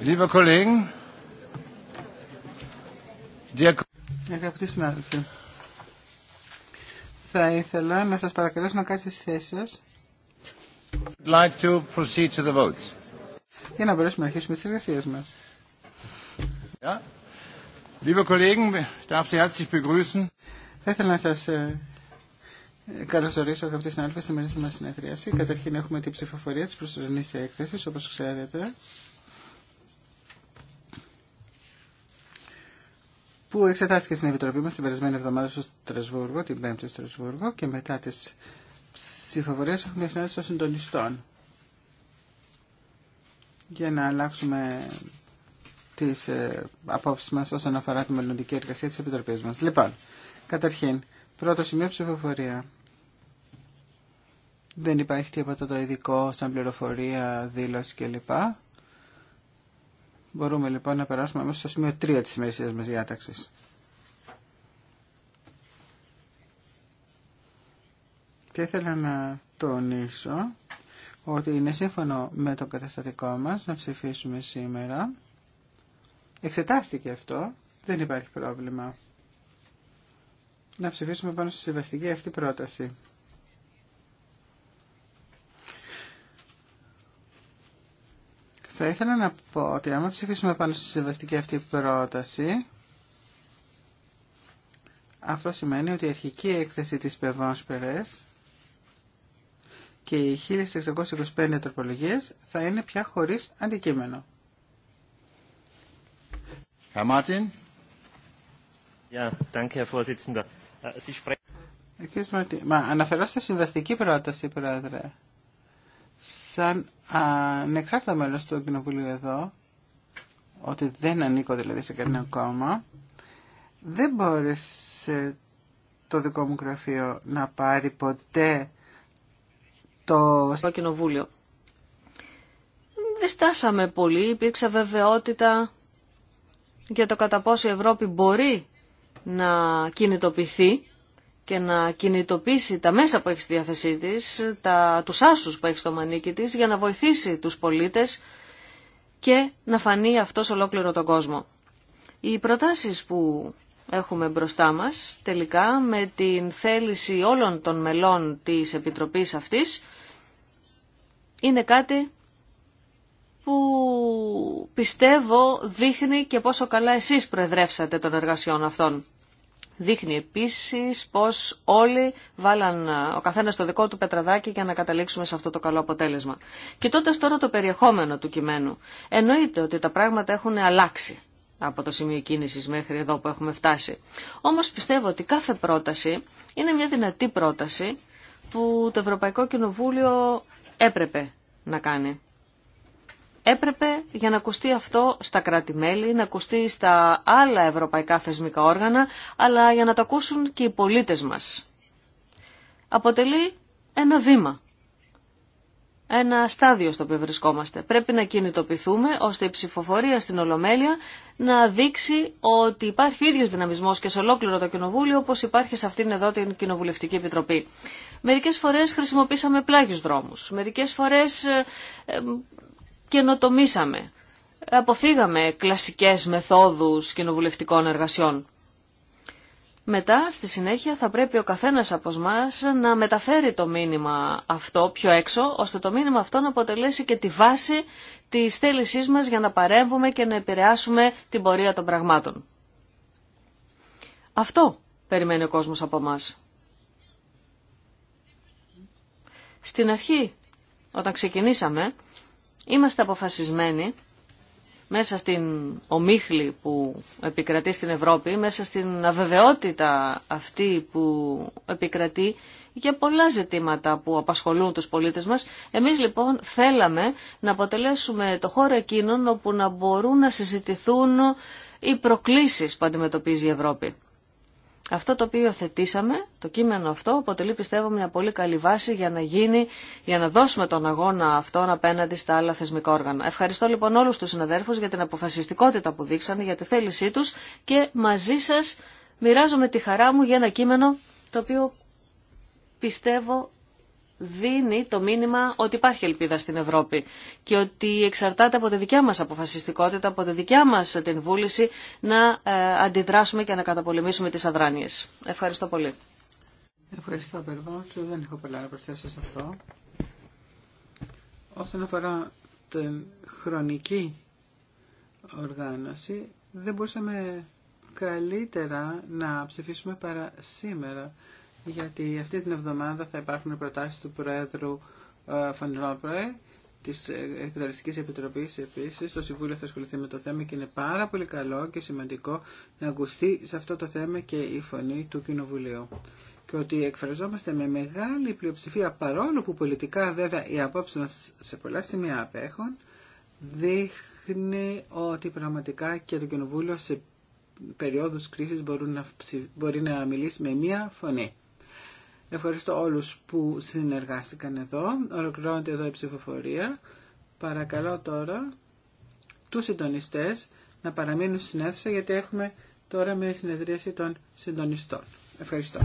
Liebe Kollegen, Αγαπητοί συνάδελφοι, θα ήθελα να σας παρακαλέσω να κάτσετε στις θέσεις σας like to proceed to the votes. για να μπορέσουμε να αρχίσουμε τις εργασίες μας. Yeah. Liebe Kollegen, darf Sie herzlich begrüßen. Θα ήθελα να σας ε, ε, Καλώ ορίσω, αγαπητοί συνάδελφοι, στη σημερινή μα συνεδρίαση. Καταρχήν, έχουμε την ψηφοφορία τη προσωρινή έκθεση, όπω ξέρετε. που εξετάστηκε στην Επιτροπή μα την περασμένη εβδομάδα στο Στρασβούργο, την Πέμπτη στο Στρασβούργο και μετά τις ψηφοφορία έχουμε μια συνάντηση των συντονιστών για να αλλάξουμε τι ε, απόψεις μας όσον αφορά τη μελλοντική εργασία τη επιτροπή μα. Λοιπόν, καταρχήν, πρώτο σημείο ψηφοφορία. Δεν υπάρχει τίποτα το ειδικό σαν πληροφορία, δήλωση κλπ. Μπορούμε λοιπόν να περάσουμε μέσα στο σημείο 3 της σημερισίας μας διάταξης. Και ήθελα να τονίσω ότι είναι σύμφωνο με το καταστατικό μας να ψηφίσουμε σήμερα. Εξετάστηκε αυτό, δεν υπάρχει πρόβλημα. Να ψηφίσουμε πάνω στη συμβαστική αυτή πρόταση. Θα ήθελα να πω ότι άμα ψηφίσουμε πάνω στη συμβαστική αυτή πρόταση, αυτό σημαίνει ότι η αρχική έκθεση της Περβάνς Περές και οι 1625 τροπολογίες θα είναι πια χωρίς αντικείμενο. Äh, Μάρτιν. αναφερώ στη συμβαστική πρόταση, Πρόεδρε σαν ανεξάρτητο μέλος του Κοινοβουλίου εδώ, ότι δεν ανήκω δηλαδή σε κανένα κόμμα, δεν μπόρεσε το δικό μου γραφείο να πάρει ποτέ το... κοινοβούλιο. Διστάσαμε πολύ, υπήρξε βεβαιότητα για το κατά πόσο η Ευρώπη μπορεί να κινητοποιηθεί και να κινητοποιήσει τα μέσα που έχει στη διάθεσή της, τα, τους άσους που έχει στο μανίκι της, για να βοηθήσει τους πολίτες και να φανεί αυτό ολόκληρο τον κόσμο. Οι προτάσεις που έχουμε μπροστά μας, τελικά, με την θέληση όλων των μελών της Επιτροπής αυτής, είναι κάτι που πιστεύω δείχνει και πόσο καλά εσείς προεδρεύσατε των εργασιών αυτών. Δείχνει επίσης πως όλοι βάλαν ε, ο καθένας το δικό του πετραδάκι για να καταλήξουμε σε αυτό το καλό αποτέλεσμα. Κοιτώντα τώρα το περιεχόμενο του κειμένου, εννοείται ότι τα πράγματα έχουν αλλάξει από το σημείο κίνησης μέχρι εδώ που έχουμε φτάσει. Όμως πιστεύω ότι κάθε πρόταση είναι μια δυνατή πρόταση που το Ευρωπαϊκό Κοινοβούλιο έπρεπε να κάνει. Έπρεπε για να ακουστεί αυτό στα κράτη-μέλη, να ακουστεί στα άλλα ευρωπαϊκά θεσμικά όργανα, αλλά για να το ακούσουν και οι πολίτες μας. Αποτελεί ένα βήμα, ένα στάδιο στο οποίο βρισκόμαστε. Πρέπει να κινητοποιηθούμε ώστε η ψηφοφορία στην Ολομέλεια να δείξει ότι υπάρχει ο ίδιος δυναμισμός και σε ολόκληρο το Κοινοβούλιο όπως υπάρχει σε αυτήν εδώ την Κοινοβουλευτική Επιτροπή. Μερικές φορές χρησιμοποίησαμε πλάγιους δρόμους, μερικές φορές ε, ε, καινοτομήσαμε. Αποφύγαμε κλασικές μεθόδους κοινοβουλευτικών εργασιών. Μετά, στη συνέχεια, θα πρέπει ο καθένας από εμά να μεταφέρει το μήνυμα αυτό πιο έξω, ώστε το μήνυμα αυτό να αποτελέσει και τη βάση της θέλησής μας για να παρέμβουμε και να επηρεάσουμε την πορεία των πραγμάτων. Αυτό περιμένει ο κόσμος από εμά. Στην αρχή, όταν ξεκινήσαμε, Είμαστε αποφασισμένοι μέσα στην ομίχλη που επικρατεί στην Ευρώπη, μέσα στην αβεβαιότητα αυτή που επικρατεί για πολλά ζητήματα που απασχολούν τους πολίτες μας. Εμείς λοιπόν θέλαμε να αποτελέσουμε το χώρο εκείνων όπου να μπορούν να συζητηθούν οι προκλήσεις που αντιμετωπίζει η Ευρώπη. Αυτό το οποίο θετήσαμε, το κείμενο αυτό, αποτελεί πιστεύω μια πολύ καλή βάση για να γίνει, για να δώσουμε τον αγώνα αυτόν απέναντι στα άλλα θεσμικά όργανα. Ευχαριστώ λοιπόν όλους τους συναδέρφους για την αποφασιστικότητα που δείξανε, για τη θέλησή τους και μαζί σας μοιράζομαι τη χαρά μου για ένα κείμενο το οποίο πιστεύω δίνει το μήνυμα ότι υπάρχει ελπίδα στην Ευρώπη και ότι εξαρτάται από τη δικιά μας αποφασιστικότητα, από τη δικιά μας την βούληση να ε, αντιδράσουμε και να καταπολεμήσουμε τις αδράνειες. Ευχαριστώ πολύ. Ευχαριστώ, Περβάτσο. Δεν έχω πολλά να προσθέσω σε αυτό. Όσον αφορά την χρονική οργάνωση, δεν μπορούσαμε καλύτερα να ψηφίσουμε παρά σήμερα γιατί αυτή την εβδομάδα θα υπάρχουν προτάσεις του Πρόεδρου ε, Φανρόπρε, της Εκτελεστικής Επιτροπής επίσης. Το Συμβούλιο θα ασχοληθεί με το θέμα και είναι πάρα πολύ καλό και σημαντικό να ακουστεί σε αυτό το θέμα και η φωνή του Κοινοβουλίου. Και ότι εκφραζόμαστε με μεγάλη πλειοψηφία, παρόλο που πολιτικά βέβαια οι απόψεις μας σε πολλά σημεία απέχουν, δείχνει ότι πραγματικά και το Κοινοβούλιο σε περίοδους κρίσης μπορεί να μιλήσει με μία φωνή. Ευχαριστώ όλους που συνεργάστηκαν εδώ. Ολοκληρώνεται εδώ η ψηφοφορία. Παρακαλώ τώρα τους συντονιστές να παραμείνουν στη αίθουσα γιατί έχουμε τώρα μια συνεδρίαση των συντονιστών. Ευχαριστώ.